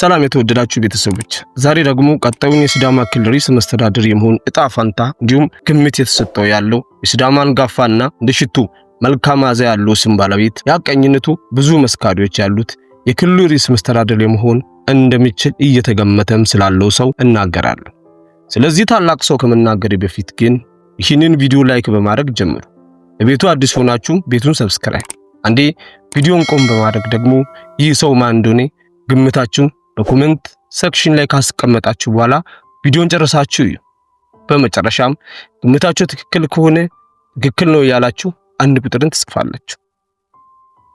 ሰላም የተወደዳችሁ ቤተሰቦች፣ ዛሬ ደግሞ ቀጣዩን የሲዳማ ክልል ርዕሰ መስተዳድር የመሆን እጣ ፈንታ እንዲሁም ግምት የተሰጠው ያለው የሲዳማ አንጋፋና እንደ ሽቱ መልካም መዓዛ ያለው ስም ባለቤት የአቀኝነቱ ብዙ መስካሪዎች ያሉት የክልሉ ርዕሰ መስተዳድር የመሆን እንደሚችል እየተገመተም ስላለው ሰው እናገራለሁ። ስለዚህ ታላቅ ሰው ከመናገሬ በፊት ግን ይህንን ቪዲዮ ላይክ በማድረግ ጀምሩ። ለቤቱ አዲስ ሆናችሁ ቤቱን ሰብስክራይብ፣ አንዴ ቪዲዮን ቆም በማድረግ ደግሞ ይህ ሰው ማን እንደሆነ ግምታችሁን በኮሜንት ሰክሽን ላይ ካስቀመጣችሁ በኋላ ቪዲዮን ጨርሳችሁ እዩ። በመጨረሻም ግምታችሁ ትክክል ከሆነ ትክክል ነው ያላችሁ አንድ ቁጥርን ትጽፋላችሁ።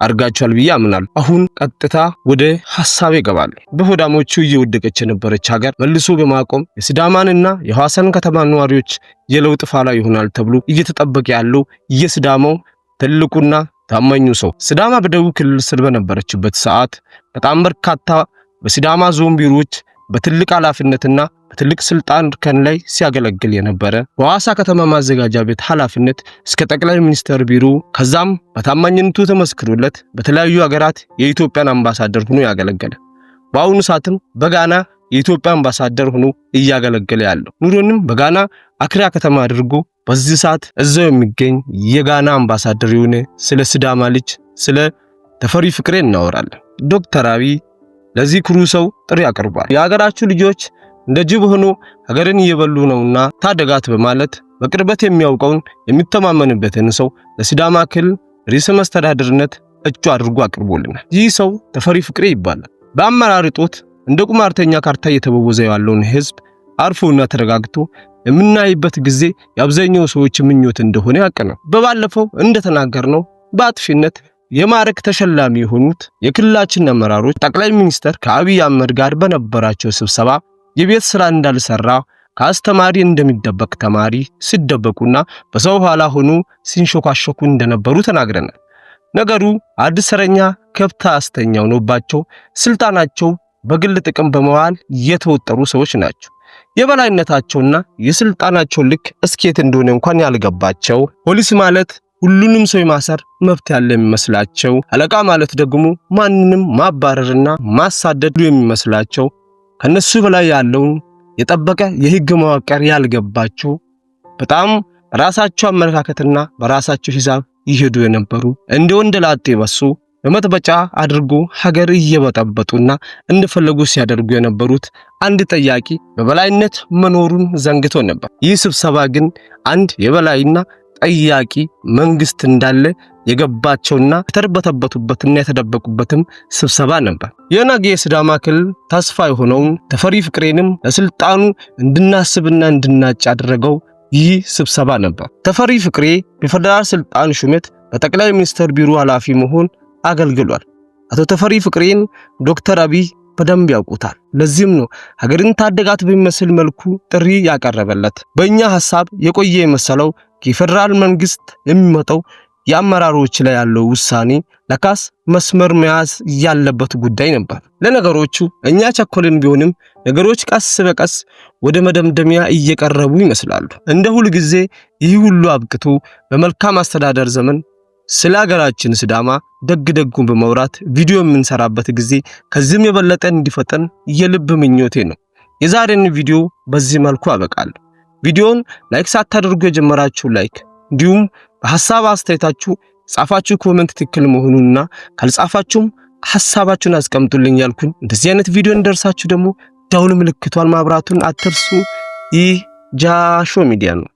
አድርጋችኋል ብዬ አምናለሁ። አሁን ቀጥታ ወደ ሀሳቤ እገባለሁ። በሆዳሞቹ እየወደቀች የነበረች ሀገር መልሶ በማቆም የስዳማንና የሐዋሳን ከተማ ነዋሪዎች የለውጥ ፋላ ይሆናል ተብሎ እየተጠበቀ ያለው የስዳማው ትልቁና ታማኙ ሰው ስዳማ በደቡብ ክልል ስር በነበረችበት ሰዓት በጣም በርካታ በሲዳማ ዞን ቢሮዎች በትልቅ ኃላፊነትና በትልቅ ስልጣን እርከን ላይ ሲያገለግል የነበረ በሐዋሳ ከተማ ማዘጋጃ ቤት ኃላፊነት እስከ ጠቅላይ ሚኒስትር ቢሮ ከዛም በታማኝነቱ ተመስክሮለት በተለያዩ ሀገራት የኢትዮጵያን አምባሳደር ሆኖ ያገለገለ በአሁኑ ሰዓትም በጋና የኢትዮጵያ አምባሳደር ሆኖ እያገለገለ ያለው ኑሮንም በጋና አክራ ከተማ አድርጎ በዚህ ሰዓት እዛው የሚገኝ የጋና አምባሳደር የሆነ ስለ ስዳማ ልጅ ስለ ተፈሪ ፍቅሬ እናወራለን። ዶክተር አብይ ለዚህ ኩሩ ሰው ጥሪ አቅርቧል። የሀገራችሁ ልጆች እንደ ጅብ ሆኖ ሀገርን እየበሉ ነውና ታደጋት በማለት በቅርበት የሚያውቀውን የሚተማመንበትን ሰው ለሲዳማ ክልል ርዕሰ መስተዳድርነት እጩ አድርጎ አቅርቦልናል። ይህ ሰው ተፈሪ ፍቅሬ ይባላል። በአመራር እጦት እንደ ቁማርተኛ ካርታ እየተበወዘ ያለውን ህዝብ አርፎና ተረጋግቶ የምናይበት ጊዜ የአብዛኛው ሰዎች ምኞት እንደሆነ ነው። በባለፈው ነው በአጥፊነት የማዕረግ ተሸላሚ የሆኑት የክልላችን አመራሮች ጠቅላይ ሚኒስትር ከአብይ አህመድ ጋር በነበራቸው ስብሰባ የቤት ስራ እንዳልሰራ ከአስተማሪ እንደሚደበቅ ተማሪ ሲደበቁና በሰው ኋላ ሆኖ ሲንሾካሾኩ እንደነበሩ ተናግረናል። ነገሩ አዲስ ሰረኛ ከብት አስተኛ ሆኖባቸው ስልጣናቸው በግል ጥቅም በመዋል የተወጠሩ ሰዎች ናቸው። የበላይነታቸውና የስልጣናቸው ልክ እስኬት እንደሆነ እንኳን ያልገባቸው ፖሊስ ማለት ሁሉንም ሰው የማሰር መብት ያለ የሚመስላቸው አለቃ ማለት ደግሞ ማንንም ማባረርና ማሳደድ የሚመስላቸው ከነሱ በላይ ያለውን የጠበቀ የህግ መዋቅር ያልገባቸው በጣም በራሳቸው አመለካከትና በራሳቸው ሂሳብ ይሄዱ የነበሩ እንደ ወንደ ላጤ በሱ በመጥበጫ አድርጎ ሀገር እየበጠበጡና እንደፈለጉ ሲያደርጉ የነበሩት አንድ ጠያቂ በበላይነት መኖሩን ዘንግቶ ነበር። ይህ ስብሰባ ግን አንድ የበላይና ጠያቂ መንግስት እንዳለ የገባቸውና የተርበተበቱበትና የተደበቁበትም ስብሰባ ነበር። የነገ የሲዳማ ክልል ተስፋ የሆነውን ተፈሪ ፍቅሬንም ለስልጣኑ እንድናስብና እንድናጭ ያደረገው ይህ ስብሰባ ነበር። ተፈሪ ፍቅሬ በፌደራል ስልጣን ሹመት በጠቅላይ ሚኒስትር ቢሮ ኃላፊ መሆን አገልግሏል። አቶ ተፈሪ ፍቅሬን ዶክተር አብይ በደንብ ያውቁታል። ለዚህም ነው ሀገርን ታደጋት በሚመስል መልኩ ጥሪ ያቀረበለት። በእኛ ሀሳብ የቆየ የመሰለው የፌዴራል መንግስት የሚመጣው የአመራሮች ላይ ያለው ውሳኔ ለካስ መስመር መያዝ ያለበት ጉዳይ ነበር። ለነገሮቹ እኛ ቸኮልን ቢሆንም ነገሮች ቀስ በቀስ ወደ መደምደሚያ እየቀረቡ ይመስላሉ። እንደ ሁል ጊዜ ይህ ሁሉ አብቅቶ በመልካም አስተዳደር ዘመን ስለ ሀገራችን ስዳማ ደግ ደጉን በመውራት ቪዲዮ የምንሰራበት ጊዜ ከዚህም የበለጠ እንዲፈጠን የልብ ምኞቴ ነው። የዛሬን ቪዲዮ በዚህ መልኩ አበቃለሁ። ቪዲዮን ላይክ ሳታደርጉ የጀመራችሁ ላይክ፣ እንዲሁም በሀሳብ አስተያየታችሁ ጻፋችሁ ኮመንት ትክክል መሆኑንና ካልጻፋችሁም ሐሳባችሁን አስቀምጡልኝ ያልኩኝ። እንደዚህ አይነት ቪዲዮ እንደርሳችሁ ደግሞ ደውል ምልክቷን ማብራቱን አትርሱ። ይህ ጃሾ ሚዲያ ነው።